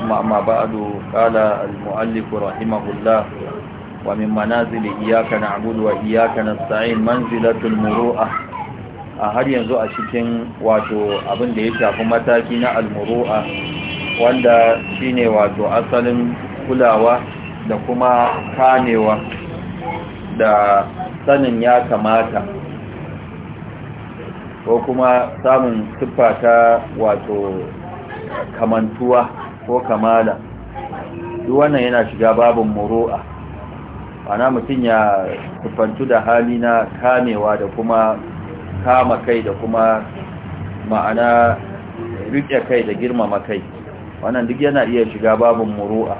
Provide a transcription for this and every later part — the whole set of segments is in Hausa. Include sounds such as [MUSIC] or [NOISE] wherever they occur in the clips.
ثم أما بعد قال المؤلف رحمه الله ومن منازل إياك نعبد وإياك نستعين منزلة المروءة har yanzu a cikin wato abin da ya shafi mataki na almuru'a wanda shine wato asalin kulawa da kuma kanewa da sanin ya kamata ko kuma samun siffa wato kamantuwa ko kamala duk wannan yana shiga babin muru'a ana mutum ya kufantu da hali na kamewa da kuma kama kai da kuma ma'ana riƙe kai da girmama kai wannan duk yana iya shiga babin muru'a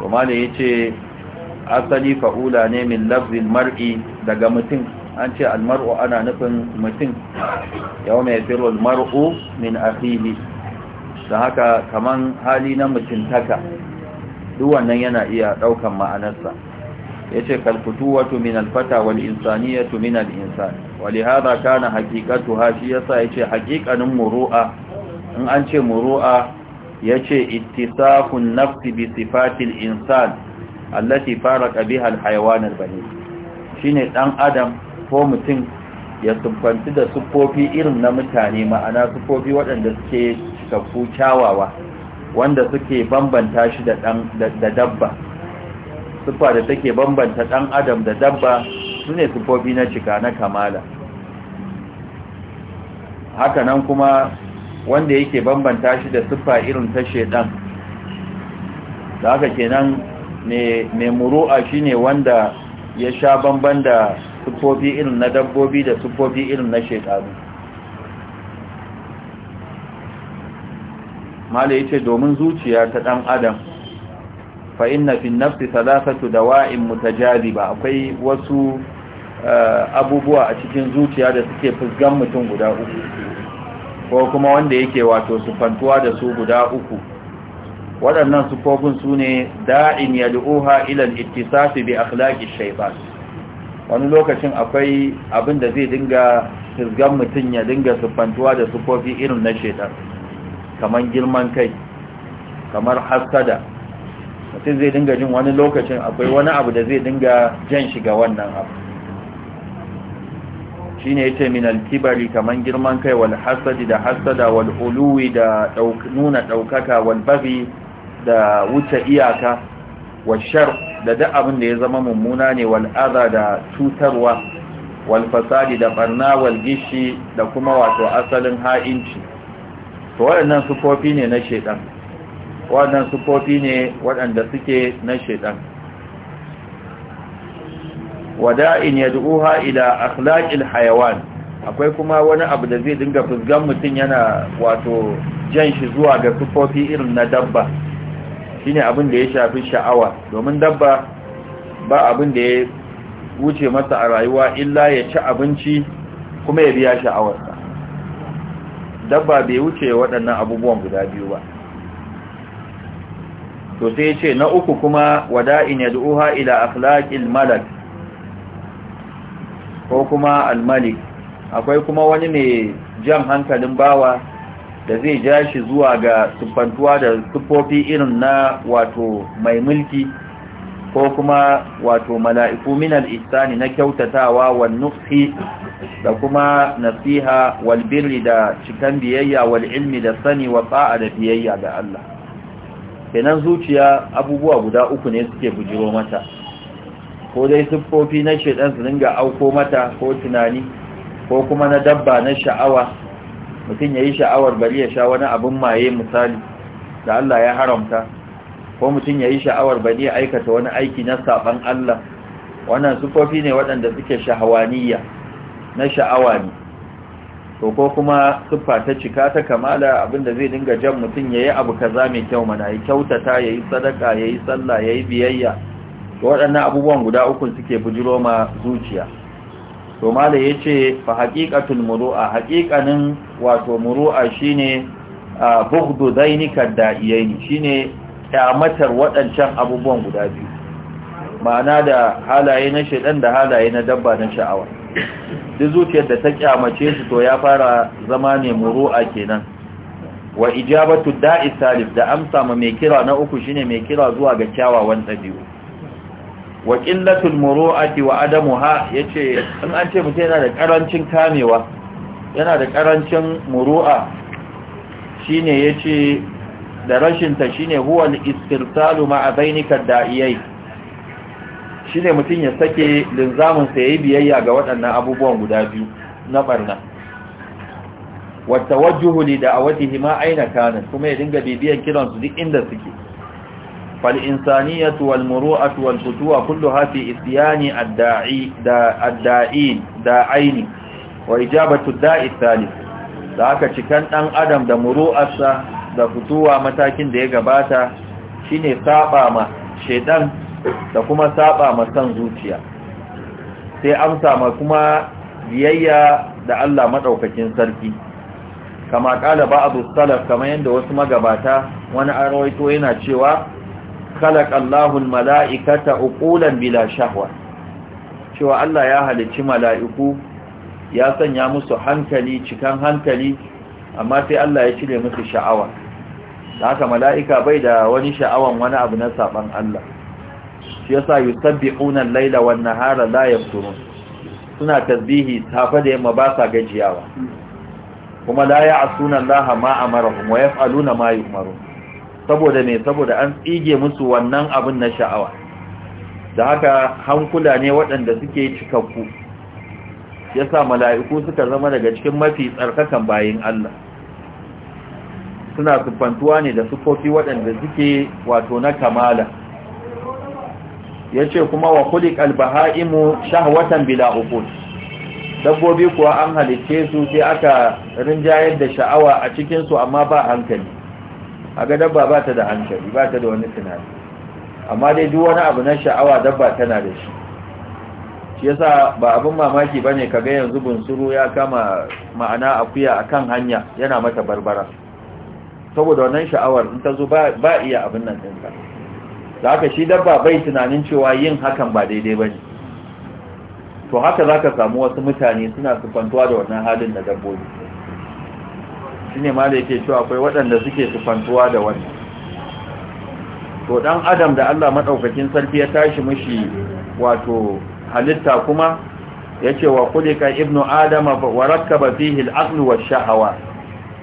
kuma da ya ce asali fa'ula ne min lafzin mar'i daga mutum an ce almar'u ana nufin mutum yau mai firul mar'u min ahihi da haka kaman hali na mutuntaka duk wannan yana iya ɗaukan ma'anarsa ya ce kalkutuwatu min alfata wal insaniyatu min al'insan wali hada kana hakikatu ha shi yasa ya ce hakikanin muru'a in an ce muru'a ya ce ittisafun nafsi bi sifatil insan allati faraka biha bane Shi shine ɗan adam ko mutum ya siffanci da siffofi irin na mutane ma'ana siffofi waɗanda suke cikakku kyawawa wanda suke bambanta shi da dabba siffa da take bambanta ɗan adam da dabba sune ne na cika na kamala hakanan kuma wanda yake bambanta shi da siffa irin ta shedan da haka kenan mai muru'a shine wanda ya sha bamban da siffofi irin na dabbobi da siffofi irin na shekaru mala yace domin zuciya ta dan adam fa inna fi nafsi thalathatu dawa'in mutajadiba akwai wasu eh, abubuwa a cikin zuciya da suke fuskan mutum guda uku ko kuma wanda yake wato su fantuwa da su guda uku waɗannan sufofin su ne da'in yad'uha ila al-ittisasi bi akhlaqi shaytan wani lokacin akwai abin da zai dinga fuskan mutum ya dinga su fantuwa da sufofi irin na shaytan kamar girman kai kamar hasada mutum zai dinga jin wani lokacin akwai wani abu da zai dinga jan shi ga wannan abu shi ne ita min alkibari kamar girman kai wal hasadi da hasada wal uluwi da nuna ɗaukaka wal babi da wuce iyaka wal shar da duk abin da ya zama mummuna ne wal da cutarwa wal fasadi da barna wal gishi da kuma wato asalin ha'inci to waɗannan sufofi ne na shaidan waɗannan sufofi ne waɗanda suke na shaidan in yad'uha ila akhlaqil hayawan akwai kuma wani abu da zai dinga fuskan mutum yana wato jan shi zuwa ga sufofi irin na dabba shine abin da ya shafi sha'awa domin dabba ba abin da ya wuce masa a rayuwa illa ya ci abinci kuma ya biya sha'awar dabba bai wuce waɗannan abubuwan guda biyu ba to sai ce na uku kuma wada'in yad'uha ila akhlaqil malak ko kuma al akwai kuma wani mai jan hankalin bawa da zai ja shi zuwa ga siffantuwa da siffofi irin na wato mai mulki ko kuma wato mala'iku minal ihsani na kyautatawa wa nufi da kuma nasiha wal birri da cikan biyayya wal ilmi da sani wa ta'a da biyayya ga Allah kenan zuciya abubuwa guda uku ne suke bujiro mata ko dai siffofi na shedan su dinga auko mata ko tunani ko kuma na dabba na sha'awa mutum yayi sha'awar bari ya sha wani abin maye misali da Allah ya haramta ko mutum yayi sha'awar bari ya aikata wani aiki na saban Allah wannan siffofi ne waɗanda suke shahawaniya na sha'awa ne to ko kuma siffa ta cika ta kamala abinda zai dinga jan mutum ya yi abu kaza mai kyau mana yayi kyautata yayi sadaka yayi sallah yayi biyayya to waɗannan abubuwan guda uku suke bujiro ma zuciya to malai yace fa haqiqatul muru'a haqiqanin wato muru'a shine a bughdu zainika da'iyaini shine kyamatar waɗancan abubuwan guda biyu ma'ana da halaye na shedan da halaye na dabba na sha'awa duk zuciyar da ta kyamace shi to ya fara zama ne muru'a kenan wa ijabatu da'i salif da amsa ma mai kira na uku shine mai kira zuwa ga kyawawan dabi'u wa qillatul muru'ati wa adamuha yace in an ce mutum yana da karancin kamewa yana da karancin muru'a shine yace da rashin ta shine huwa al-istirsalu ma'a bainika da'iyai shine mutum ya sake linzaminsa ya yayi biyayya ga waɗannan abubuwan guda biyu na barna wa Lida, a da'awatihi Hima aina kana kuma ya dinga bibiyan kiran su duk inda suke fal insaniyatu wal muru'atu wal futuwa kulluha hafi isyani ad da aini wa ijabatu da'i thalith da haka cikan dan adam da muru'arsa da futuwa matakin da ya gabata shine saba ma shaidan. da kuma saba ma san zuciya sai amsa ma kuma biyayya da Allah madaukakin sarki kama kala ba'du salaf kamar yanda wasu magabata wani arwaito yana cewa khalaq Allahul mala'ikata uqulan bila shahwa cewa Allah ya halicci mala'iku ya sanya musu hankali cikan hankali amma sai Allah ya cire musu sha'awa da haka mala'ika bai da wani sha'awan wani abu na saban Allah shi yasa yusabbihuna al-laila wan nahara la yafturun suna tasbihi safa da yamma ba sa gajiyawa kuma la ya'suna Allah ma amarahum wa yaf'aluna ma yu'maru saboda ne saboda an tsige musu wannan abin na sha'awa da haka hankula ne waɗanda suke cikakku yasa mala'iku suka zama daga cikin mafi tsarkakan bayin Allah suna siffantuwa ne da sufofi waɗanda suke wato na kamala Ya ce kuma wa khuliqal bahaimu shahwatan bila uqul dabbobi kuwa an halicce su sai aka rinjayar da sha'awa a cikin amma ba hankali aga dabba ba ta da hankali ba ta da wani tunani amma dai duk wani abu na sha'awa dabba tana da shi shi yasa ba abin mamaki bane kaga yanzu bunsuru ya kama ma'ana akuya a kan hanya yana mata barbara saboda wannan sha'awar in ta zo ba iya abin nan ɗinka da aka shi dabba bai tunanin cewa yin hakan ba daidai ba ne to haka za ka samu wasu mutane suna sufantuwa da wannan halin na dabbobi shi ne ma da yake cewa akwai waɗanda suke sufantuwa da wani. to ɗan adam da allah maɗaukakin sarki ya tashi mushi wato halitta kuma ya ce wa kulika ibnu adama wa ba fihi al wa wash-shahawa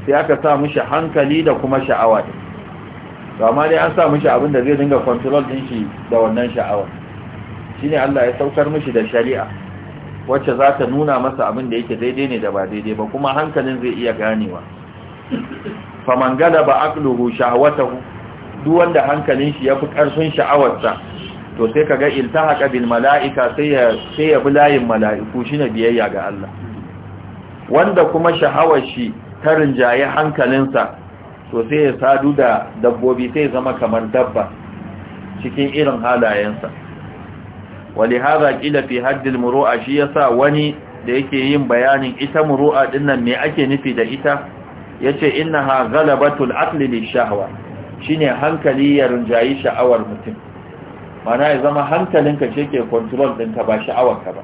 sai aka sa mushi hankali da kuma sha'awa din to amma dai an sa mishi abin da zai dinga control din shi da wannan sha'awar shine Allah ya saukar mishi da shari'a wacce za ta nuna masa abin da yake daidai ne da ba daidai ba kuma hankalin zai iya ganewa faman galaba aqluhu shahwatahu duk wanda hankalin shi yafi karfin sha'awarsa to sai kaga iltahaqa bil malaika sai ya sai ya bulayin malaiku shine biyayya ga Allah wanda kuma sha'awar shi ta rinjaye hankalinsa to sai ya sadu da dabbobi sai zama kamar dabba cikin irin halayensa wali haza kila fi haddil muru'a shi yasa wani da yake yin bayanin ita muru'a dinnan me ake nufi da ita yace innaha ghalabatul aqli lishahwa shine hankali ya rinjayi sha'awar mutum mana ya zama hankalinka shi ke control ɗinka ba sha'awarka ba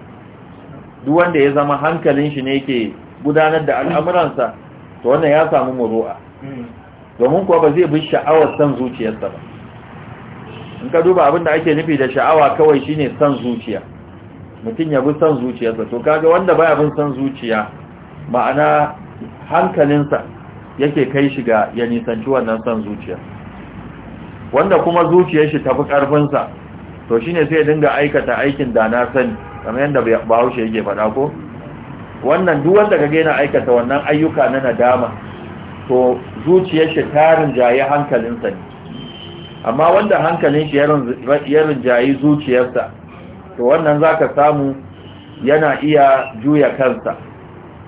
duk wanda ya zama hankalin shi ne yake gudanar da al'amuransa to wannan ya samu muru'a hmm. domin kuwa ba zai bi sha'awar san zuciyarsa ba in ka duba abin da ake nufi da sha'awa kawai shine san zuciya mutum ya bi san zuciyarsa to kaga wanda baya bin san zuciya ma'ana hankalinsa yake kai shi ga ya nisanci wannan san zuciya wanda kuma zuciyar shi tafi karfinsa to shine sai ya dinga aikata aikin da na sani kamar yadda bahaushe yake faɗa ko wannan duk wanda ka yana aikata wannan ayyuka na nadama to zuciyar shi ta rinjaye hankalinsa ne amma wanda hankalin shi ya rinjaye zuciyarsa to wannan zaka samu yana iya juya kansa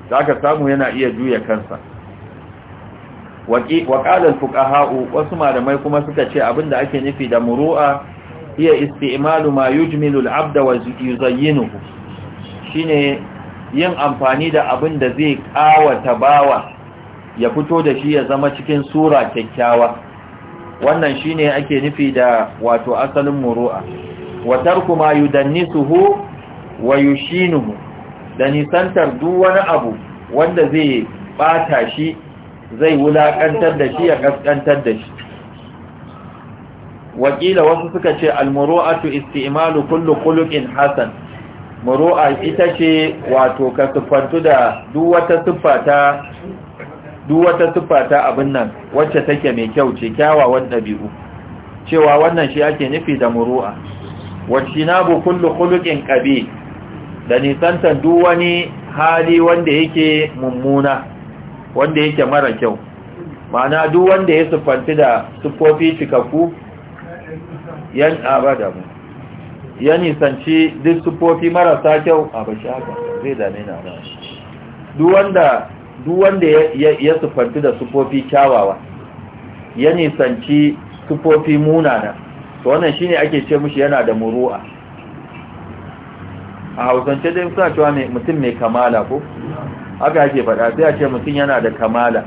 zaka samu yana iya juya kansa waƙalar fukaha'u wasu malamai kuma suka ce abinda ake nufi da muru'a iya isti'malu ma yujmilu al wa yuzayyinuhu shine yin amfani da abin da zai ƙawata bawa ya fito da shi ya zama cikin sura kyakkyawa wannan shine ake nufi da wato asalin muru'a wa tarku ma yudannisuhu wa yushinuhu da nisantar duk wani abu wanda zai bata shi zai wulakantar da shi ya kaskantar da shi wakila wasu suka ce almuru'atu isti'malu kullu khuluqin hasan muru'a ita ce wato ka siffantu da duk wata siffa ta duk wata siffa ta abin nan wacce take mai kyau ce kyawawan ɗabi'u cewa wannan shi ake nufi da muru'a wacce na bu kullu khuluqin qabi da nisantar duk wani hali wanda yake mummuna wanda yake mara kyau ma'ana duk wanda ya sufanti da sufofi cikakku yan abada mu ya nisanci duk sufofi marasa kyau a bashi haka zai dame na duk wanda duk wanda ya sufanti da sufofi kyawawa ya nisanci sufofi munana to wannan shine ake ce mushi yana da muru'a a hausance dai suna cewa mutum mai kamala ko aka ake faɗa sai a ce mutum yana da kamala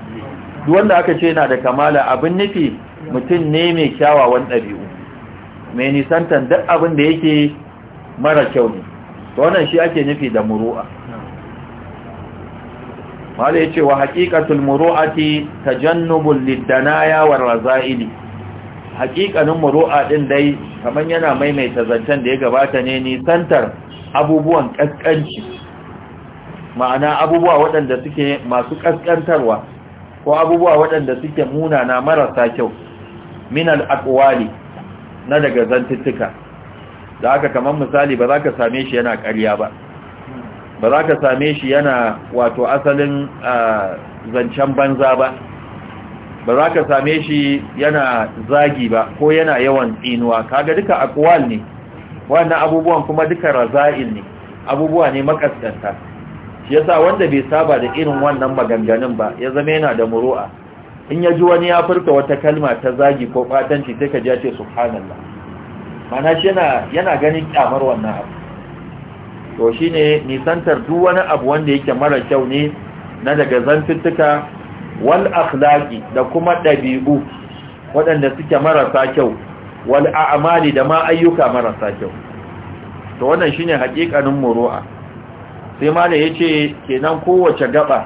duk wanda aka ce yana da kamala abin nufi mutum ne mai kyawawan ɗabi'u mai nisantan duk abin da yake mara kyau ne to wannan shi ake nufi da muru'a wanda ya ce wa haƙiƙatul muru'ati tajannubul liddanaya war raza'ili haƙiƙanin muru'a ɗin dai kamar yana maimaita zancen da ya gabata ne nisantar abubuwan ƙasƙanci ma'ana abubuwa waɗanda suke masu ƙasƙantarwa ko abubuwa waɗanda suke munana marasa kyau minal aqwali na daga zantuttuka da haka kamar misali ba za ka same shi yana ƙarya ba ba za ka same shi yana wato asalin zancen banza ba ba za ka same shi yana zagi ba ko yana yawan tsinuwa kaga duka akwal ne wannan abubuwan kuma duka raza'il ne abubuwa ne makaskanta shi yasa wanda bai saba da irin wannan maganganun ba ya zama yana da muru'a in ya ji wani ya furta wata kalma ta zagi ko batanci sai ka ji ya ce subhanallah mana shi yana ganin kyamar wannan abu to shine nisantar duk wani abu wanda yake mara kyau ne na daga zantuttuka wal akhlaqi da kuma dabi'u waɗanda suke marasa kyau wal a'mali da ma ayyuka marasa kyau to wannan shine haƙiƙanin muru'a sai ma da yace kenan kowace gaba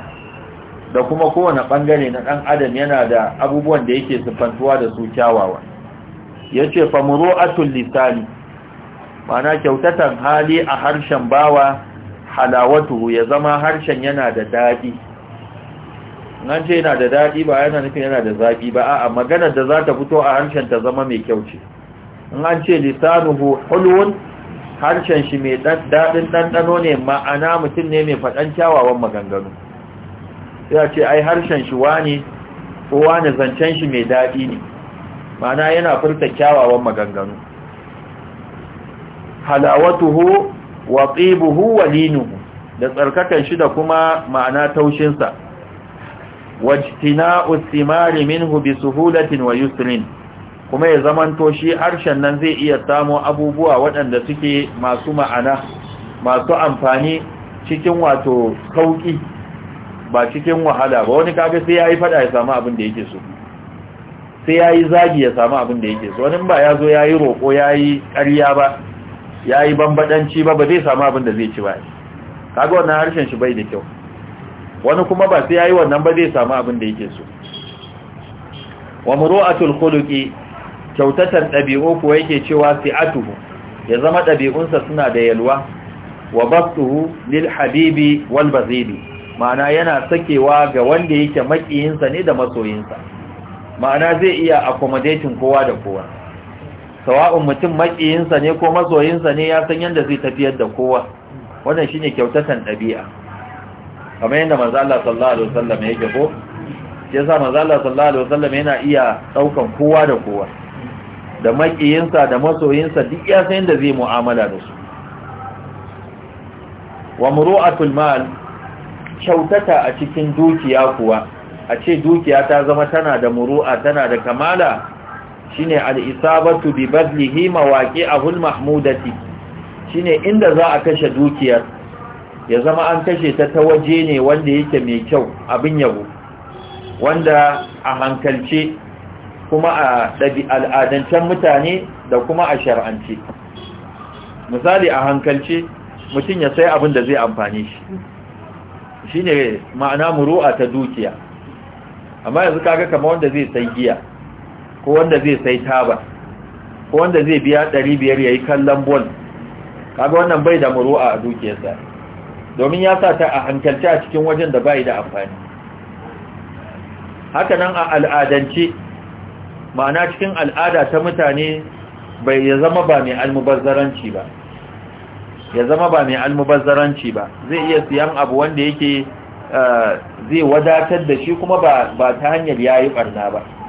da kuma kowane bangare na dan adam yana da abubuwan da yake sifantuwa da su kyawawa yace fa muru'atul lisani mana kyautatan hali a harshen bawa halawatu ya zama harshen yana da daɗi nan ce yana da daɗi ba yana nufin yana da zafi ba a maganar da za ta fito a harshen ta zama mai kyau ce ce lisanuhu hulwun harshen shi mai daɗin ɗanɗano ne ma'ana mutum ne mai faɗan kyawawan maganganu ya ce ai harshen shi wani ko wani zancen shi mai daɗi ne ma'ana yana furta kyawawan maganganu halawatuhu wa qibuhu wa linuhu da tsarkakan shi da kuma ma'ana taushin sa wajtina'u thimari minhu bi suhulatin wa yusrin kuma ya zamanto shi harshen nan zai iya samu abubuwa waɗanda suke masu ma'ana masu amfani cikin wato kauki ba cikin wahala ba wani kaga sai yayi fada ya samu abin da yake so sai yayi zagi ya samu abin da yake so wani ba ya zo yayi roko yayi ƙarya ba ya yi bambadanci ba ba zai samu abin da zai ci ba kaga wannan harshen shi bai da kyau wani kuma ba sai ya yi wannan ba zai samu abin da yake so wa muru'atul khuluqi kyautatan ɗabi'u ko yake cewa si'atuhu ya zama ɗabi'unsa suna da yalwa wa bastuhu lil habibi wal ma'ana yana sakewa ga wanda yake makiyinsa ne da masoyinsa ma'ana zai iya accommodating kowa da kowa sawa'un mutum makiyinsa ne ko mazoyinsa ne ya san yadda zai tafiyar da kowa wannan shine kyautatan ɗabi'a kamar yadda manzo Allah sallallahu alaihi wasallam yake ko sa manzo Allah sallallahu alaihi wasallam yana iya daukan kowa da kowa da makiyinsa da masoyinsa duk ya san yadda zai mu'amala da su wa muru'atul mal kyautata a cikin dukiya kuwa a ce dukiya ta zama tana da muru'a tana da kamala shine al-isabatu bi badlihi a al-mahmudati shine inda za a kashe dukiyar ya zama an kashe ta ta waje ne wanda yake mai kyau abin yabo wanda a hankalce kuma a al'adancen mutane da kuma a shar'ance misali a hankalce mutum ya sai abin da zai amfani shi shine ma'ana muru'a ta dukiya amma yanzu kaga kamar wanda zai sai giya ko wanda zai sai taba ko wanda zai biya ɗari biyar ya kallon bol kaga wannan bai da muru'a a dukiyarsa domin ya sa ta a hankalci a cikin wajen da bai da amfani haka nan a al'adance ma'ana cikin al'ada ta mutane bai ya zama ba mai almubazzaranci ba ya zama ba mai almubazzaranci ba zai iya siyan abu wanda yake eh, zai wadatar da shi kuma ba ta hanyar yayi barna ba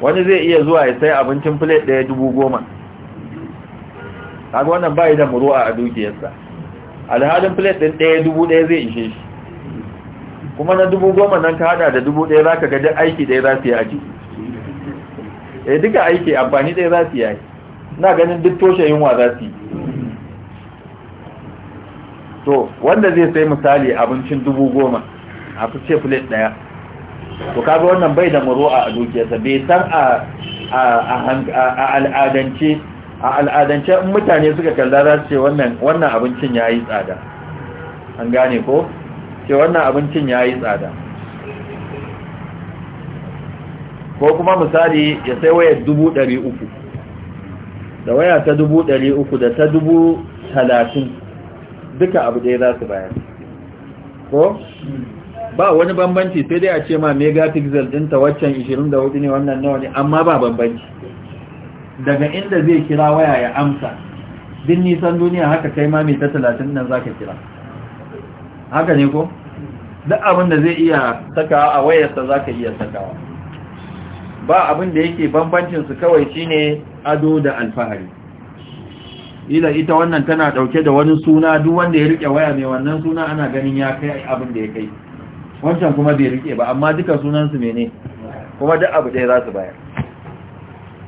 wani zai iya zuwa ya sai abincin plate ɗaya dubu goma kaga wannan bayi da muru'a a dukiyarsa alhalin plate ɗin ɗaya dubu ɗaya zai ishe shi kuma na dubu goma nan ka hada da dubu ɗaya za ka gaji aiki ɗaya za su yi a ciki eh, duka aiki amfani ɗaya za su yi na ganin duk toshe yunwa za su yi to wanda zai sai misali abincin dubu goma a fice plate ɗaya to kaga wannan bai da muru'a a dukiyarsa bai san a al'adance a al'adance in mutane suka kalla za su ce wannan abincin ya yi tsada an gane ko ce wannan abincin ya yi tsada ko kuma misali ya sai wayar dubu ɗari uku da waya ta dubu ɗari uku da ta dubu talatin duka abu ɗaya za su bayar ko ba wani bambanci sai dai a ce ma megapixel dinta waccan 24 ne wannan nawa ne amma ba bambanci daga inda zai kira waya ya amsa din nisan duniya haka kai ma mai 30 nan zaka kira haka ne ko duk abin da zai iya sakawa a wayarsa zaka iya sakawa ba abin da yake bambancin su kawai shine ado da alfahari ila ita wannan tana dauke da wani suna duk wanda ya rike waya mai wannan suna ana ganin ya kai abin da ya kai wancan kuma bai rike ba amma duka sunansu mene kuma duk abu ɗaya za su bayar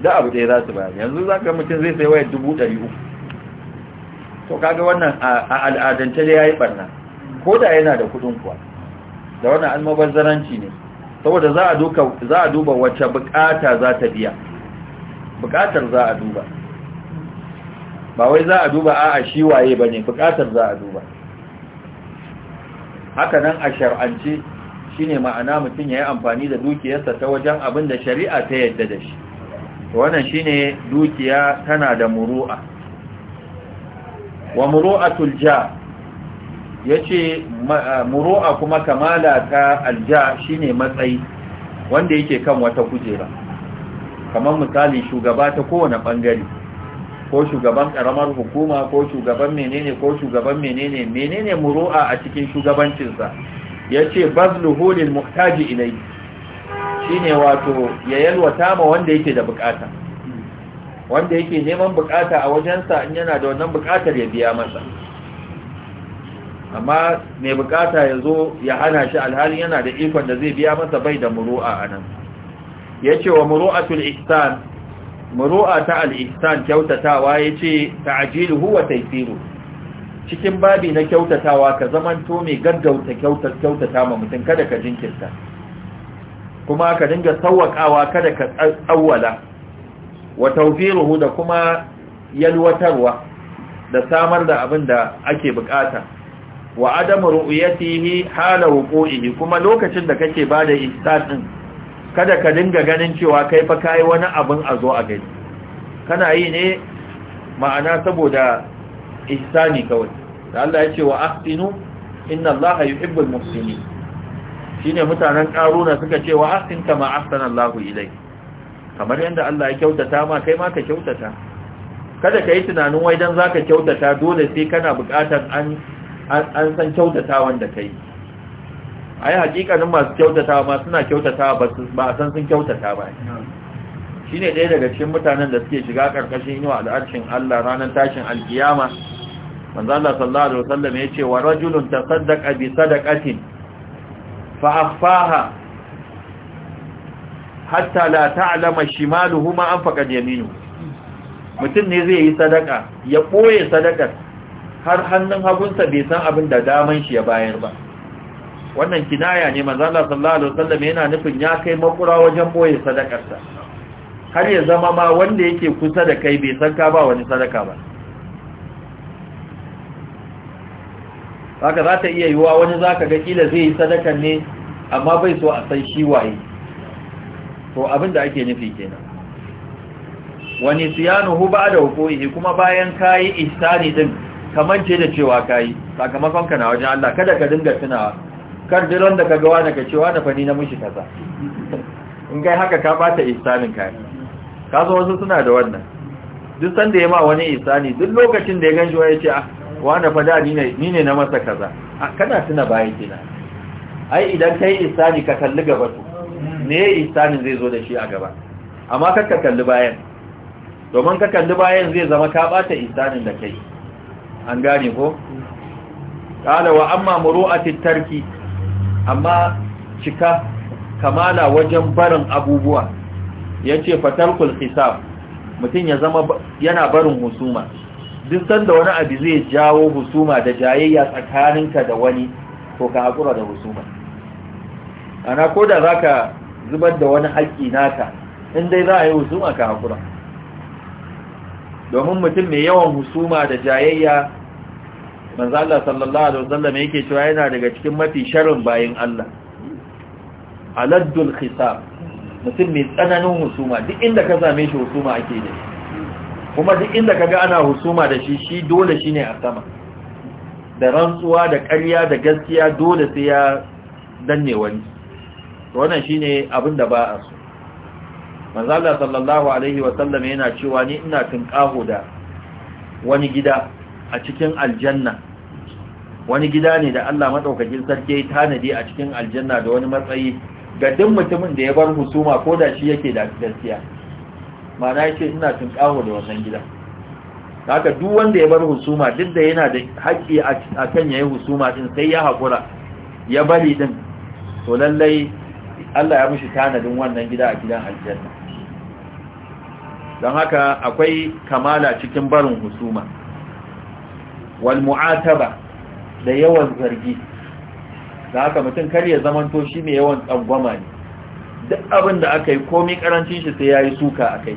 duk abu ɗaya za su bayar yanzu za ka mutum zai sai wayar dubu ɗari uku to kaga wannan a al'adance da ya yi ɓarna ko da yana da kuɗin kuwa da wannan almabazzaranci ne saboda za a duba wacce bukata za ta biya bukatar za a duba ba wai za a duba A'a, shi waye ba ne bukatar za a duba haka nan a shar'ance shine ma'ana mutum ya yi amfani da dukiyarsa ta wajen abin da shari'a ta yadda da shi wannan shine dukiya tana da muru'a wa muru'atul ja ce muru'a kuma kamala ta alja shine matsayi wanda yake kan wata kujera kamar misali shugaba ta kowane ɓangare. ko shugaban karamar hukuma ko shugaban menene ko shugaban menene menene muru'a a cikin shugabancinsa yace bazluhu lil muhtaji ilai shine wato ya yalwata ma wanda yake da bukata wanda yake neman bukata a wajensa in yana da wannan bukatar ya biya masa amma mai bukata ya zo ya hana shi alhali yana da ikon da zai biya masa bai da muru'a a nan ya ce wa muru'atul ihsan muru'a ta al-ihsan kyautatawa yace ta'jiluhu wa taysiru cikin babi na kyautatawa ka zamanto mai gaggauta kyautata ma mutum kada ka jinkirta kuma ka dinga sawwakawa kada ka tsawwala wa tawfiruhu da kuma yalwatarwa da samar da abin da ake bukata wa adamu ru'yatihi hala kuma lokacin da kake bada ihsan ɗin. kada ka dinga ganin cewa kai fa kai wani abin a zo a gani kana yi ne ma'ana saboda ihsani kawai da Allah ya ce wa ahsinu inna Allah yuhibbul muhsinin shine mutanen karuna suka ce wa ahsin kama ahsana Allah ilai kamar yanda Allah ya kyautata ma kai ma ka kyautata kada ka yi tunanin wai dan zaka kyautata dole sai kana buƙatar an an san kyautata wanda kai ai hakikanin masu kyautata ma suna kyautata ba a san sun kyautata ba shine ɗaya daga cikin mutanen da suke shiga ƙarƙashin wa al'arshin Allah ranar tashin alkiyama manzo Allah sallallahu alaihi wasallam ya ce wa rajulun tasaddaqa bi sadaqatin fa akhfaha hatta la ta'lama shimaluhu ma anfaqa yaminu mutum ne zai yi sadaka ya ɓoye sadakar har hannun hagunsa bai san abin da daman shi ya bayar ba wannan kinaya ne manzo Allah sallallahu alaihi wasallam yana nufin ya kai makura wajen boye sadakarsa har ya zama ma wanda yake kusa da kai bai san ka ba wani sadaka ba haka za ta iya yiwuwa wani za ka ga kila zai yi sadakar ne amma bai so a san shi waye to abin da ake nufi kenan wani hu ba da hukuri kuma bayan kayi ihsani din kamar ce da cewa kayi sakamakon ka na wajen Allah kada ka dinga tunawa kar diron da kaga wani ka cewa wani fani na mushi kaza in kai haka ka bata isanin ka ka zo wasu suna da wannan duk sanda ya ma wani isani duk lokacin da ya ganshi wani ya ce ah na fa da ni ne ni ne na masa kaza kana tuna baya kina ai idan kai isani ka kalli gaba to ne isani zai zo da shi a gaba amma ka kalli bayan domin ka kalli bayan zai zama ka bata isanin da kai an gane ko qala wa amma muru'atit tarki amma cika kamala wajen barin abubuwa ya ce fatarkul hisab mutum ya zama yana barin husuma duk sanda wani abu zai jawo husuma da jayayya tsakaninka da wani to ka haƙura da husuma ana ko da za ka zubar da wani haƙƙi naka in dai za a yi husuma ka haƙura domin mutum mai yawan husuma da jayayya manzo Allah sallallahu alaihi wasallam yake cewa yana daga cikin mafi sharrin bayin Allah aladul khisab mutum mai tsananin husuma duk inda ka same shi husuma ake da shi kuma duk inda ka ga ana husuma da shi shi dole shine a sama da rantsuwa da ƙarya da gaskiya dole sai ya danne wani wannan shine abin da ba a so manzo Allah sallallahu alaihi wasallam yana cewa ni ina tunƙaho da wani gida a cikin aljanna wani gida ne da Allah madaukakin sarki ya tanadi a cikin aljanna da wani matsayi ga duk mutumin da ya bar husuma ko da shi yake da gaskiya mana yake ina cin kawo da wannan gida haka duk wanda ya bar husuma duk da yana da haƙƙi a kan yayin husuma din sai ya hakura ya bari din to lallai Allah ya mishi tanadin wannan gida a gidan aljanna don haka akwai kamala cikin barin husuma wal mu'ataba da yawan zargi da haka mutum kar ya zamanto shi mai yawan tsangwama ne duk abin da aka yi komi karancin shi sai ya yi suka a kai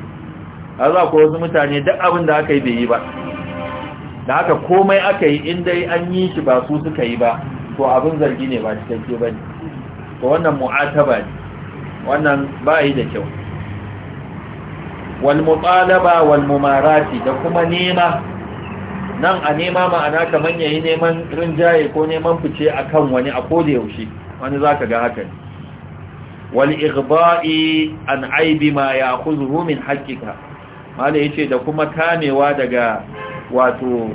a za ku wasu mutane duk abin da aka yi bai yi ba da haka komai aka yi inda an yi shi ba su suka yi ba to abin zargi ne ba cikakke ba ne to wannan mu'ataba ne wannan ba yi da kyau wal mutalaba wal mumarati da kuma nema nan a nema ma'ana kamar yayi neman rinjaye ko neman fice akan wani a koda yaushe wani zaka ga haka ne? wal igba'i an aibi ma ya'khudhu min haqqika mala yace da kuma kamewa daga wato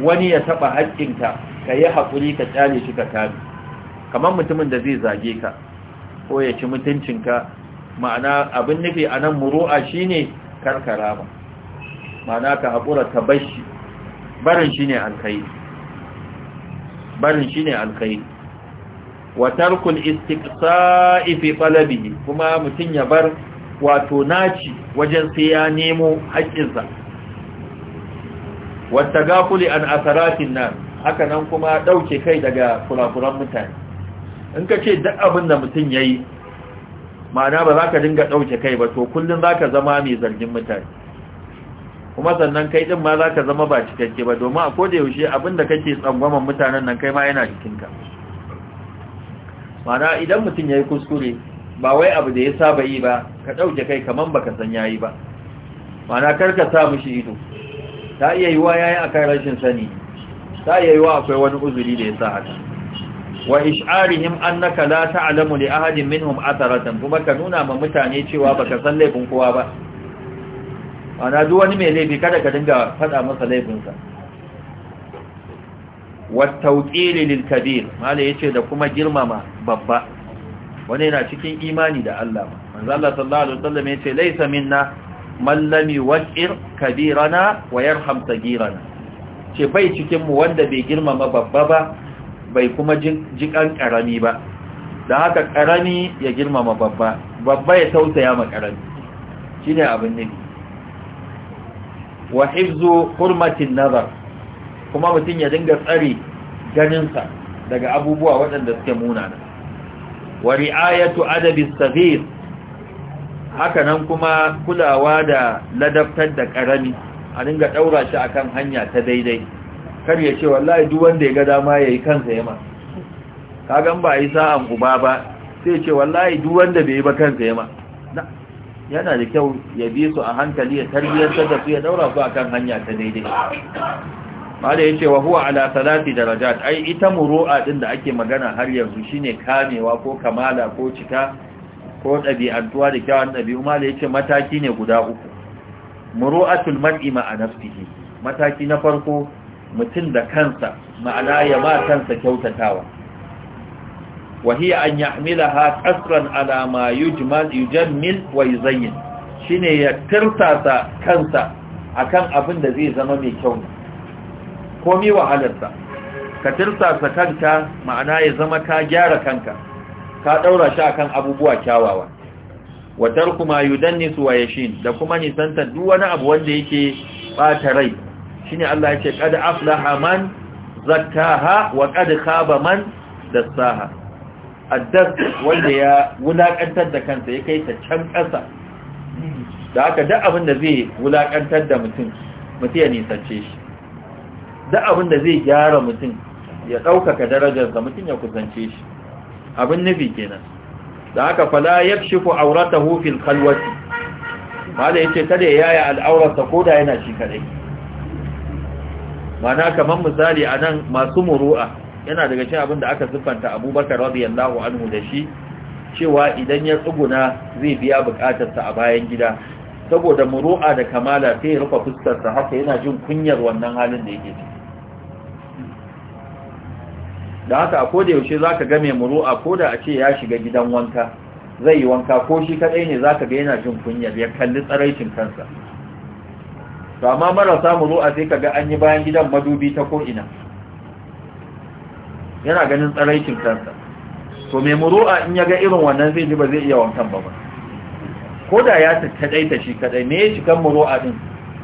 wani ya taba haƙƙinka ka yi haƙuri ka tsale shi ka kame kamar mutumin da zai zage ka ko ya ci mutuncinka ma'ana abin nufi anan muru'a shine karkara ba ma'ana ka haƙura ka bashi barin ne alkhairi barin shine alkhairi wa tarkul istiqsa'i fi talabihi kuma mutun ya bar wato naci wajen sai ya nemo haƙƙinsa wa tagafuli an asaratin nan haka nan kuma dauke kai daga kurakuran mutane in ka ce duk abin da mutum yayi ma'ana ba za ka dinga dauke kai ba to kullun za ka zama mai zargin mutane kuma sannan kai din ma zaka zama ba cikakke ba domin a koda yaushe abinda kake tsangwaman mutanen nan kai ma yana jikinka mana idan mutum yayi kuskure ba wai abu da ya saba yi ba ka dauke kai kaman baka san yayi ba mana karka sa mishi ido ta iya yiwa yayi akan rashin sani ta iya yiwa akwai wani uzuri da ya sa haka wa ish'arihim annaka la ta'lamu li ahadin minhum atharatan kuma ka nuna ma mutane cewa baka san laifin kowa ba ana duk wani mai laifi kada ka dinga faɗa masa laifinsa wattauƙili lilkabir mala ya ce da kuma girmama babba wani yana cikin imani da Allah manzo Allah sallallahu alaihi wasallam ya ce laisa minna man lam yuwaqir kabirana wa yarham sagirana ce bai cikin mu wanda bai girmama babba ba bai kuma jikan karami ba da haka karami ya girmama babba babba ya tausaya ma karami shine abin nufi wa hifzu hurmatin nazar kuma mutum ya dinga tsare ganinsa daga abubuwa waɗanda suke munana wa ri'ayatu adabi saghir haka nan kuma kulawa da ladabtar da karami a dinga daura shi akan hanya ta daidai kar ya ce wallahi duk wanda ya ga dama yayi kansa yema kagan ba yi sa'an uba ba sai ce wallahi duk wanda bai yi ba kansa yema yana da kyau ya bi su a hankali ya tarbiyyar da su ya daura su kan hanya ta daidai mala yace wa huwa ala salati darajat ai ita muru'a ɗin da ake magana har yanzu shine kamewa ko kamala ko cika ko dabi'antuwa da kyawun dabi'u mala yace mataki ne guda uku muru'atul mar'i a nafsihi mataki na farko mutum da kansa ma'ana ya ma kansa kyautatawa وهي أن يحملها قصرا على ما يجمل يجمل ويزين شنو يترتاسا كنسا akan abin da zai zama mai kyau komi wahalarsa ka tirsasa kanka ma'ana ya zama ka gyara kanka ka daura shi akan abubuwa kyawawa wadar dan yudannisu wa yashin da kuma nisanta duk wani abu wanda yake bata rai shine Allah yake kad aflaha man zakkaha wa kad khaba man dassaha addar wanda ya wulakantar da kansa ya kai ta can ƙasa da haka da abin da zai wulakantar da mutum mutum ya nisance shi Da abin da zai gyara mutum ya ɗaukaka darajarsa mutum ya kusance shi abin nufi kenan da haka fala fi auratahu fil khalwati mala yace kada ya ce yaya al'aurarsa da yana shi kadai mana kaman misali anan masu muru'a yana daga cikin abin da aka siffanta abubakar radiyallahu anhu da shi cewa idan ya tsuguna zai biya bukatarsa a bayan gida saboda muru'a da kamala sai ya rufe fuskarsa haka yana jin kunyar wannan halin da yake da haka a koda yaushe za ka mai muru'a ko da a ce ya shiga gidan wanka zai yi wanka ko shi kaɗai ne za ka ga yana jin kunyar ya kalli tsaraicin kansa to amma marasa muru'a sai ka ga an yi bayan gidan madubi ta ko'ina yana ganin tsaraicin kansa to mai muru'a in ya ga irin wannan zai ji ba zai iya wankan ba ba ko da ya ta ta shi kadai me ya kan muru'a din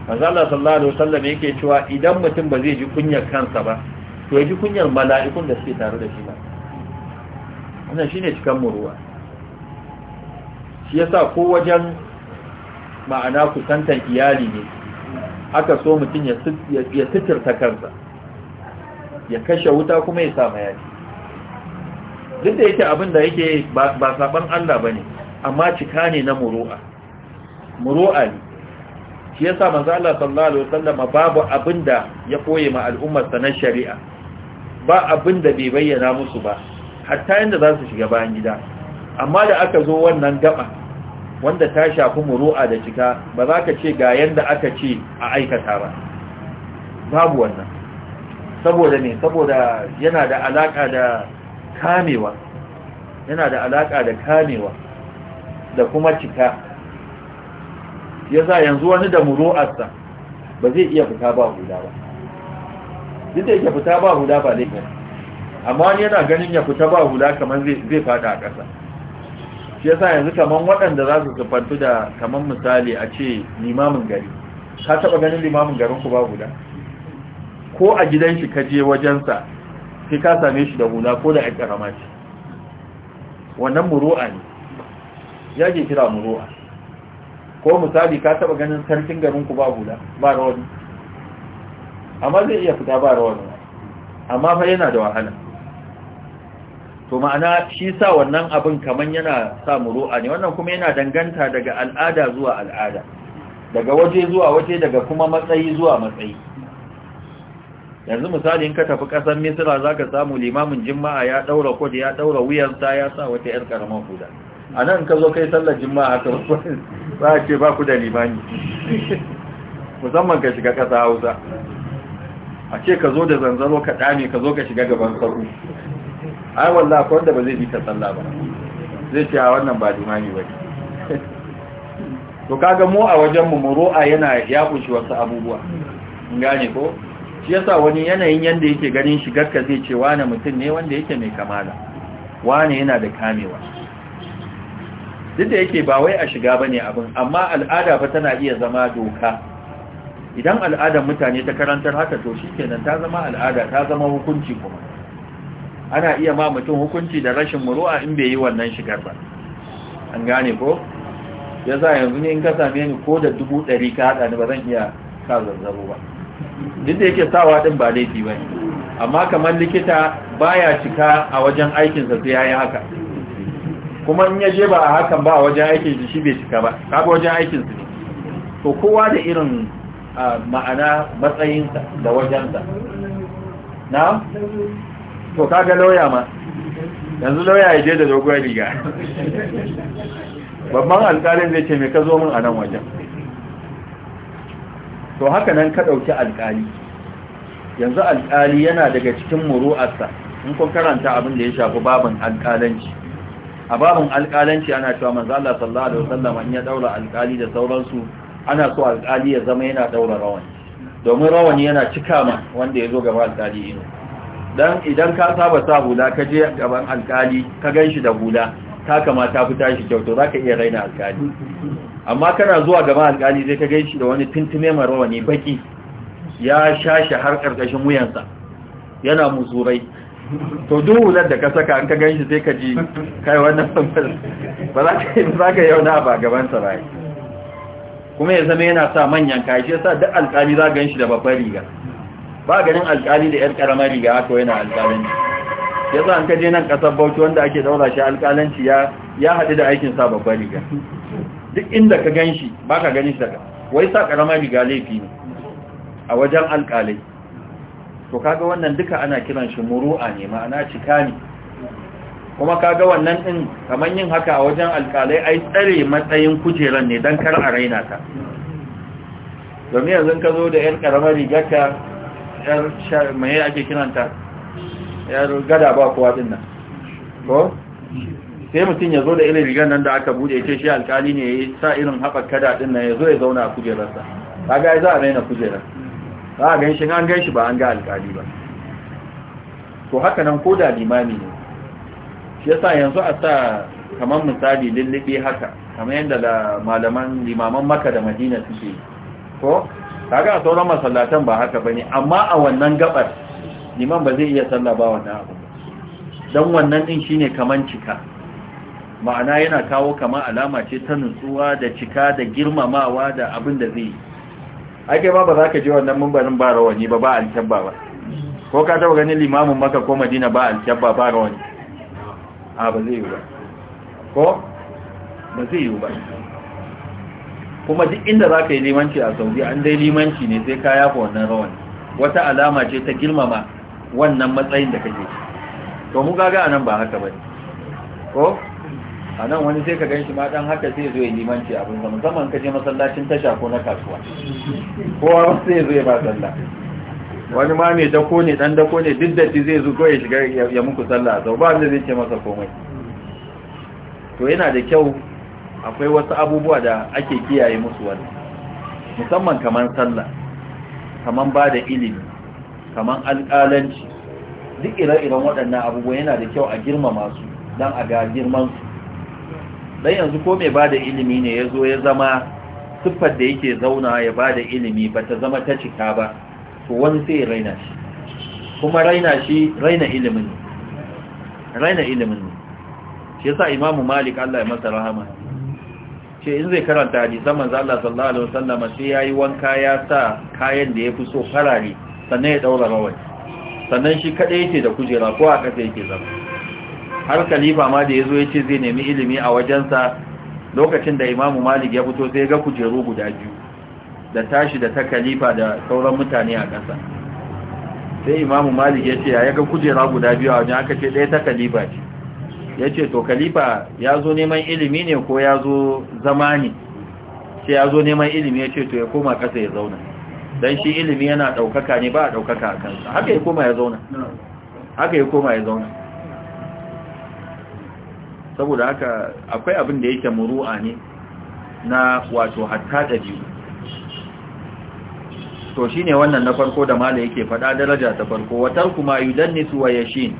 manzo sallallahu alaihi wasallam yake cewa idan mutum ba zai ji kunyar kansa ba to ya ji kunyar mala'ikun da suke tare da shi ba wannan shine cikan muru'a shi yasa ko wajen ma'ana kusantan iyali ne aka so mutum ya sitirta kansa ya kashe wuta kuma ya sa yaki duk da yake abin da yake ba saban Allah bane amma cika ne na muru'a muru'a ne shi yasa manzo Allah sallallahu alaihi wasallam babu abin da ya koye ma al'ummar sa na shari'a ba abin da bai bayyana musu ba hatta yanda za su shiga bayan gida amma da aka zo wannan gaba wanda ta shafi muru'a da cika ba za ka ce ga yanda aka ce a aikata ba babu wannan saboda ne saboda yana da alaka da kamewa yana da alaka da kamewa da kuma cika ya za yanzu wani da muru'arsa ba zai iya fita ba huda ba duk da yake fita ba huda ba laifin amma yana ganin ya fita ba huda kamar zai fada a ƙasa shi yasa yanzu kamar waɗanda za su sufantu da kamar misali a ce limamin gari ka taɓa ganin limamin garin ku ba huda ko a gidan shi ka je wajensa sai ka same shi da hula ko da a karama ce wannan muru'a ne ya ke kira muru'a ko misali ka taba ganin sarkin garin ku ba hula ba rawani amma zai iya fita ba rawani amma fa yana da wahala to ma'ana shi sa wannan abin kaman yana sa muru'a ne wannan kuma yana danganta daga al'ada zuwa al'ada daga waje zuwa waje daga kuma matsayi zuwa matsayi yanzu misali in ka tafi ƙasar misira za ka samu limamin jima'a ya ɗaura kod ya ɗaura ta ya sa wata 'yar ƙaramin huda a nan ka zo kai sallar jima'a haka ba [LAUGHS] a ce ba ku da Limani. [LAUGHS] musamman ka shiga ƙasa hausa a ce ka zo da zanzaro ka ɗame ka zo ka shiga gaban sahu ai wallah ko wanda ba zai bi ka sallah ba zai ce a wannan ba limani ba [LAUGHS] to kaga mu a wajen mu ro'a yana ya kunshi wasu abubuwa gane ko shi yasa wani yanayin yanda yake ganin shigarka zai ce wane mutum ne wanda yake mai kamala wane yana da kamewa duk da yake ba wai a shiga ba ne abin amma al'ada ba tana iya zama doka idan al'adar mutane ta karantar haka to shi kenan ta zama al'ada ta zama hukunci kuma ana iya ma mutum hukunci da rashin muru'a in bai yi wannan shigar ba an gane ko ya yanzu ne in ka same ni ko da dubu ɗari ka haɗa ni ba zan iya ka zazzabo ba duk da yake sawa din ba laifi bane amma kamar likita baya cika a wajen aikinsa sai yayi haka kuma in ya je ba a hakan ba a wajen aikin shi shi bai cika ba kaga wajen aikin sa to kowa da irin ma'ana matsayinsa da wajensa na to kaga lauya ma yanzu lauya ya je da dogon riga [LAUGHS] babban alƙalin zai ce me ka zo min a nan wajen to haka nan ka ɗauki alƙali yanzu alƙali yana daga cikin muru'arsa in kun karanta abin da ya shafi babin alƙalanci a babin alƙalanci ana cewa manzo Allah sallallahu alaihi wasallam an ya daura alƙali da sauransu ana so alƙali ya zama yana daura rawani domin rawani yana cika ma wanda ya zo gaba alƙali ne dan idan ka saba sa hula ka je gaban alƙali ka ganshi da hula taka ma ta fita shi kyau za ka iya raina alkali amma kana zuwa gaba alkali zai ka gaishi da wani tuntume marawa ne baki ya shashi har karkashin wuyansa yana musurai to duhular da ka saka an ka ganshi sai ka ji kai wannan ba za ka na ba gabansa ba kuma ya zama yana sa manyan kashi ya sa duk alkali za gan shi da babbar riga ba ganin alkali da 'yar karamar riga haka yana alkalin Ya zo an kaje nan kasar bauchi wanda ake daura shi alƙalanci ya haɗu da aikin sa babbar riga duk inda ka gan shi ba ka gani daga wai sa ƙaramar riga laifi ne a wajen alƙalai to kaga wannan duka ana kiran shi muru'a ne ma'ana cika ne kuma kaga wannan din kamar yin haka a wajen alƙalai ai tsare matsayin kujeran ne don kar a raina ta domin yanzu ka zo da 'yan ƙaramar rigarka 'yar mai ake kiranta ya gada ba kowa din nan ko sai mutum ya zo da irin rigar nan da aka bude ce shi alkali ne ya sa irin haɓa kada din nan ya zo ya zauna a kujerarsa ta ga za a raina kujerar za a ganshi an ganshi ba an ga alkali ba to haka nan ko da limami ne shi yasa yanzu a sa kamar misali lullube haka kamar yadda da malaman limaman maka da madina suke ko kaga a sauran masallatan ba haka bane amma a wannan gabar liman ba zai iya sallah ba wannan abu don wannan din shine kaman cika ma'ana yana kawo kama alama ce ta nutsuwa da cika da girmamawa da abin da zai yi ake ba ba za ka je wannan mumbarin ba rawani ba ba alkyabba ba ko ka taɓa ganin limamin maka ko madina ba alkyabba ba rawani a ba zai yi ba ko ba zai yi ba kuma duk inda za ka yi limanci a saudi an dai limanci ne sai ka yafa wannan rawani wata alama ce ta girmama wannan matsayin da kake to mu gaga anan ba haka bane ko anan wani sai ka ganshi ma dan haka sai zo ya limanci abin zaman musamman kaje masallacin tasha ko na kasuwa kowa sai zo ya ba sallah wani ma mai dako ne dan dako ne duk da shi zai zo ko ya shiga ya muku sallah sau ba zai ce masa komai to yana da kyau akwai wasu abubuwa da ake kiyaye musu wani musamman kamar sallah kamar ba da ilimi kamar alƙalanci duk ire-iren waɗannan abubuwa yana da kyau a girmama su don a ga girman su don yanzu ko mai ba da ilimi ne ya zo ya zama siffar da yake zauna ya ba da ilimi ba ta zama ta cika ba to wani sai raina shi kuma raina shi raina ilimin ne raina ilimin ne shi yasa imamu malik Allah ya masa rahama ce in zai karanta hadisan manzo Allah sallallahu alaihi wasallam sai yayi wanka ya sa kayan da yafi so farare sannan ya daura rawai sannan shi kaɗai yake da kujera ko a ƙasa yake zama har khalifa ma da ya zo ya ce zai nemi ilimi a wajensa lokacin da imamu malik ya fito sai ga kujeru guda biyu da tashi da ta khalifa da sauran mutane a ƙasa sai imamu malik ya ce ya ga kujera guda biyu a wajen aka ce ɗaya ta khalifa ce ya ce to khalifa ya zo neman ilimi ne ko ya zo zama ne sai ya zo neman ilimi ya ce to ya koma ƙasa ya zauna don shi ilimi yana ɗaukaka ne ba a ɗaukaka a kansa haka ya koma ya zauna haka ya koma ya zauna saboda haka akwai abin da yake muru'a ne na wato hatta da biyu. to shi ne wannan na farko da mala yake faɗa daraja ta farko watar kuma yudannisu wa yashin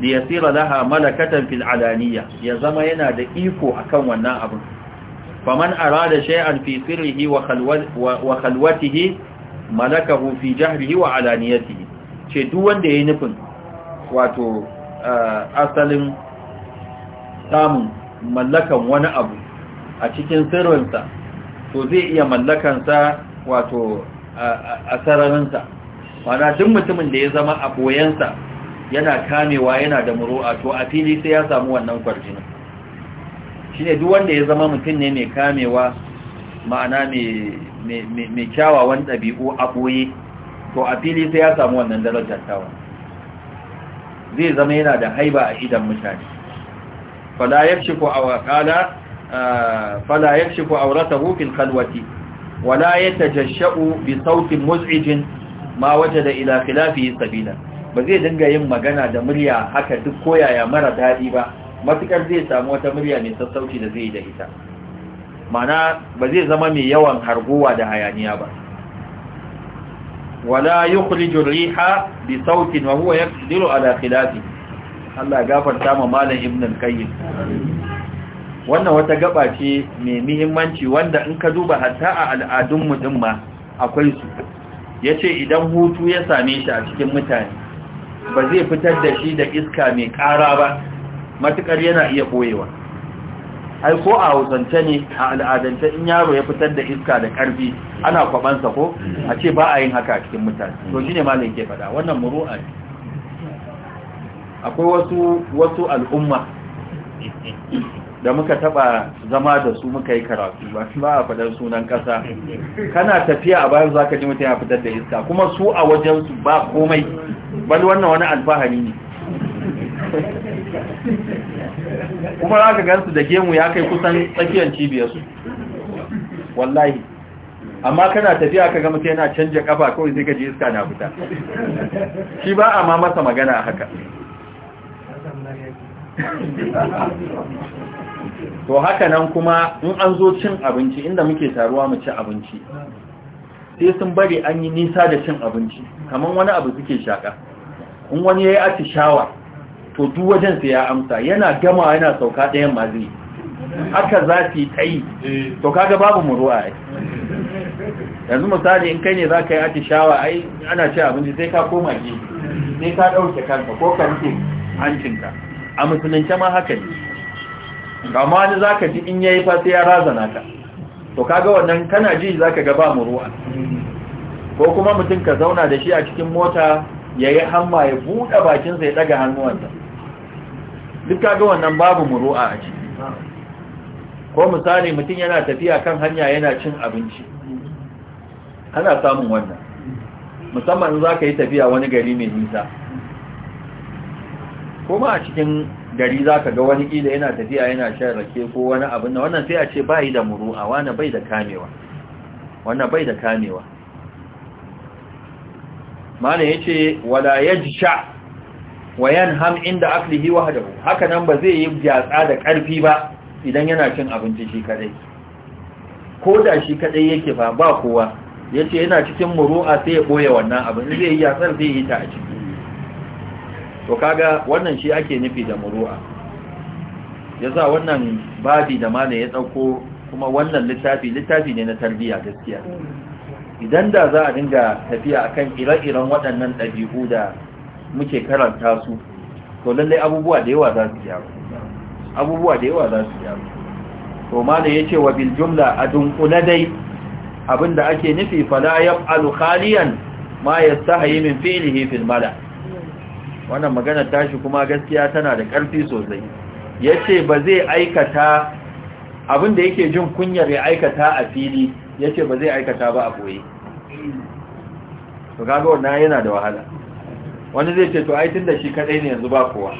da ya tsira laha malakatan fil alaniya ya zama yana da iko akan wannan abin faman arada shay'an fi sirrihi wa khalwatihi malakahu fi jahrihi wa alaniyatihi ce duk wanda yayi nufin wato eh, asalin samun mallakan wani abu a cikin sirrinsa to zai iya mallakansa wato a sararinsa mana duk mutumin da ya zama a boyensa yana kamewa yana da muru'a to a fili sai ya samu wannan kwarjinin shine ne duk wanda ya zama mutum ne mai kamewa ma'ana mai kyawawan ɗabi'u a ɓoye to a fili sai ya samu wannan darajar tawa zai zama yana da haiba a idan mutane fala yakshifu awqala ah, fala yakshifu awratahu fil khalwati wala bi sautin muz'ijin ma wajada ila khilafihi sabila ba zai dinga yin magana da murya haka duk koyaya mara daɗi ba matukar zai samu wata murya mai sassauci da zai da ita mana ba zai zama mai yawan harguwa da hayaniya ba wala yukhriju riha bi sautin wa huwa yaqdiru ala khilafi Allah gafarta ma malam ibn al-qayyim wannan wata gaba ce mai muhimmanci wanda in ka duba hatta a al'adun mutum ma akwai su yace idan hutu ya same shi a cikin mutane ba zai fitar da shi da iska mai kara ba matukar yana iya koyewa ai ko a hausance ne a al'adance in yaro ya fitar da iska da karfi ana kwabansa ko a ce ba a yin haka a cikin mutane to shine malamin ke faɗa wannan muru'a ne akwai wasu wasu al'umma da muka taba zama da su muka yi karatu ba su ba a faɗar sunan ƙasa kana tafiya a bayan zaka ji mutane ya fitar da iska kuma su a wajen su ba komai bal wannan wani alfahari ne kuma za ka gansu da gemu ya kai kusan tsakiyar cibiyarsu wallahi amma kana tafiya ka gama yana canja kafa kawai zai gaji iska na fita shi ba a ma masa magana haka to haka nan kuma in an zo cin abinci inda muke taruwa mu ci abinci sai sun bari an yi nisa da cin abinci kamar wani abu suke shaka in wani ya yi atishawa to duk wajen sai ya amsa yana gama yana sauka ɗayan mazi aka haka za su yi tsayi to kaga babu muruwa ai yanzu misali in kai ne za ka yi shawa? ai ana ce abinci sai ka koma ne sai ka ɗauke kanka ko ka rufe hancinka a musulunce ma haka ne kama wani za ka ji in yi fa sai ya razana ka to kaga wannan kana ji za ka gaba muruwa ko kuma mutum ka zauna da shi a cikin mota ya yi hamma ya buɗe bakinsa ya ɗaga hannuwansa duk kaga wannan babu muru'a a ciki ko misali mutum yana tafiya kan hanya yana cin abinci ana samun wannan musamman za ka yi tafiya wani gari mai nisa kuma a cikin gari za ka ga wani ƙila yana tafiya yana shan rake ko wani abin na wannan sai a ce bai da muru'a wani bai da kamewa wannan bai da kamewa mana ya ce wala ya sha wa ham inda aklihi wahdahu haka nan ba zai yi gyatsa da karfi ba idan yana cin abinci shi kadai ko da shi kadai yake ba ba kowa yace yana cikin muru'a sai ya boye wannan abin zai yi yatsar zai yi ta a ciki to kaga wannan shi ake nufi da muru'a yasa wannan babi da malai ya dauko kuma wannan littafi littafi ne na tarbiyya gaskiya idan da za a dinga tafiya akan ire-iren waɗannan ɗabi'u da muke karanta su to lallai abubuwa da yawa za su gyaru abubuwa da yawa za su gyaru to malam yace wa bil jumla adun dai abinda ake nufi fala yaqalu khaliyan ma yastahi min fi'lihi fil mala wannan magana tashi kuma gaskiya tana da ƙarfi sosai yace ba zai aikata abinda yake jin kunyar ya aikata a fili yace ba zai aikata ba a boye to kaga wannan yana da wahala wani zai ce to ai tun da shi kadai ne yanzu ba kowa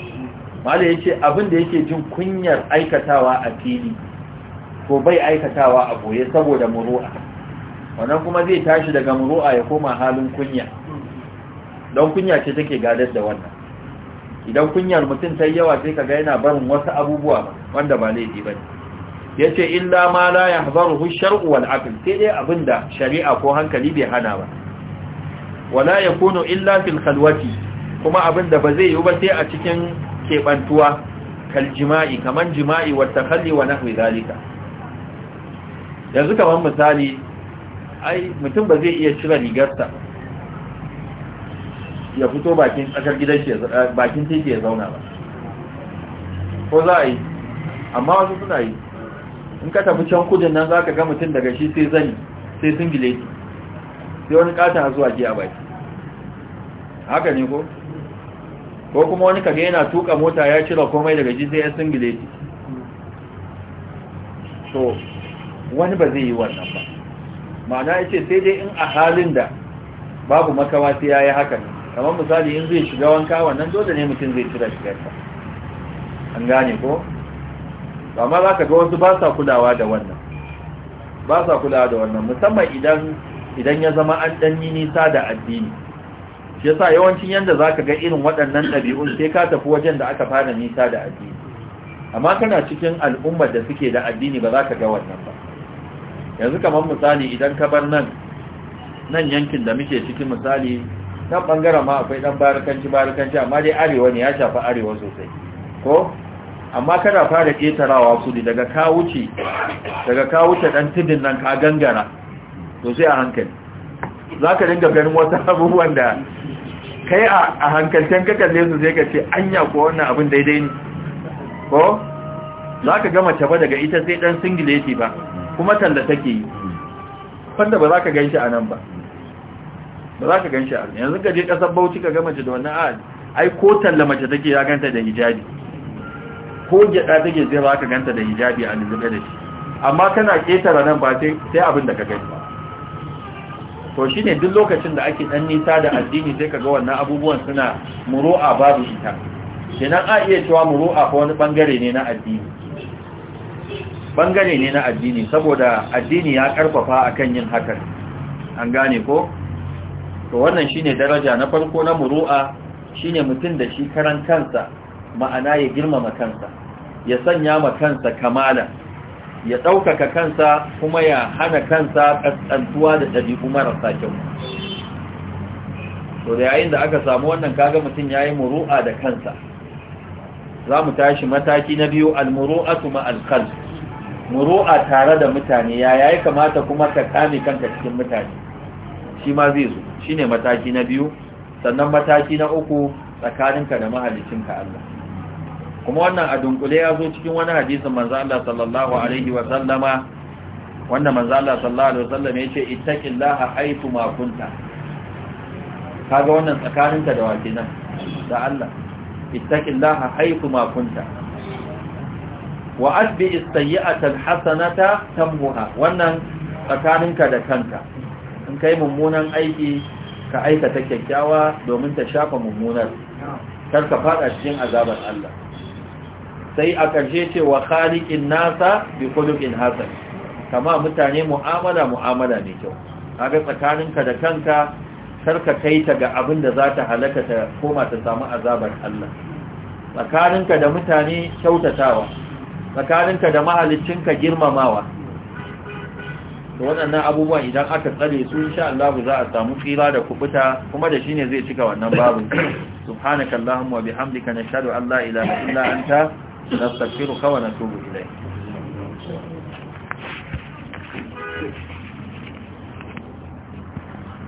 malai yace abin da yake jin kunyar aikatawa a fili to bai aikatawa a goye saboda muru'a wannan kuma zai tashi daga muru'a ya koma halin kunya don kunya ce take gadar da wannan idan kunyar mutum ta yawa sai kaga yana barin wasu abubuwa wanda ba laifi ba yace illa ma la yahzaru shar'u wal aql sai dai abinda shari'a ko hankali bai hana ba wala yakunu illa fil khalwati kuma abin da ba zai yi ba sai a cikin kebantuwa kal jima'i kaman jima'i wa takhalli wa nahwi zalika yanzu kaman misali ai mutum ba zai iya cire rigarsa ya fito bakin tsakar gidan shi bakin titi ya zauna ba ko za a yi amma wasu suna yi in ka tafi can kudin nan za ka ga mutum daga shi sai zani sai singileti sai wani katon zuwa ji a baki haka ne ko ko kuma wani kage yana tuka mota ya cire komai daga ji sai ya singile shi to wani ba zai yi wannan ba ma'ana ya ce sai dai in a halin da babu makawa sai ya yi haka ne kamar misali in zai shiga wanka wannan dole ne mutum zai cire shigarsa an gane ko amma za ka ga wasu ba sa kulawa da wannan ba sa kulawa da wannan musamman idan idan ya zama an danyi nisa da addini shi yasa yawancin yanda zaka ga irin waɗannan ɗabi'un sai ka tafi wajen da aka fara nisa da addini amma kana cikin al'ummar da suke da addini ba za ka ga wannan ba yanzu kamar misali idan ka bar nan nan yankin da muke cikin misali ta bangaren ma akwai dan barkanci barkanci amma dai arewa ne ya shafi arewa sosai ko amma kana fara ketarawa su daga ka wuce daga ka dan tudin nan ka gangara to sai a hankali za ka dinga ganin wasu abubuwan da kai a hankalcen kakar lesu zai sai ka ce anya ko wannan abin daidai ne ko za ka gama caba daga ita sai dan singileti ba kuma talla take yi wanda ba za ka gan shi a nan ba ba za ka gan shi a nan yanzu ka je ƙasar bauchi ka gama da wannan a ah, ai ko talla mace take ya ganta da hijabi ko gyada take zai ba ka ganta da hijabi a lulluɓe da shi amma kana ketara nan ba sai abin da ka gani ba to shi ne duk lokacin da ake ɗan nisa da addini sai ga wannan abubuwan suna muru'a babu ita kenan a iya cewa muru'a ko wani bangare ne na addini bangare ne na addini saboda addini ya karfafa akan yin hakan an gane ko to wannan shine daraja na farko na muru'a shine mutum da shi karan kansa ma'ana ya girmama kansa ya sanya ma kansa kamala ya ɗaukaka kansa kuma ya hana kansa ƙasƙantuwa da ɗabi'u marasa kyau to da yayin da aka samu wannan kaga mutum ya yi muru'a da kansa za mu tashi mataki na biyu almuru'atu alƙal. muru'a tare da mutane ya yayi kamata kuma ka kame kanka cikin mutane shi ma zai zo shi ne mataki na biyu sannan mataki na uku tsakaninka da mahallicinka Allah kuma wannan a dunkule ya zo cikin wani hadisin manzo Allah sallallahu alaihi wa sallama wanda manzo Allah sallallahu alaihi ya ce, yace ittaqillaha haythu makunta. kunta ga wannan tsakaninka da wake nan da Allah ittaqillaha haythu ma makunta. wa asbi as-sayyi'ata al-hasanata tammuha wannan tsakaninka da kanka in kai mummunan aiki ka aikata kyakkyawa domin ta shafa mummunar kar ka fada cikin azabar Allah sai a ƙarshe ce wa khaliqin nasa bi khuluqin hasan kama mutane mu'amala mu'amala ne kyau kaga tsakaninka da kanka sarka kai ta ga abin da za ta halaka ta koma ta samu azabar Allah tsakaninka da mutane kyautatawa tsakaninka da mahaliccinka girmamawa to waɗannan abubuwan idan aka tsare su insha Allah za a samu tsira da kubuta kuma da shine zai cika wannan babu subhanakallahumma wa bihamdika nashhadu an la ilaha illa anta نستغفرك ونتوب إليك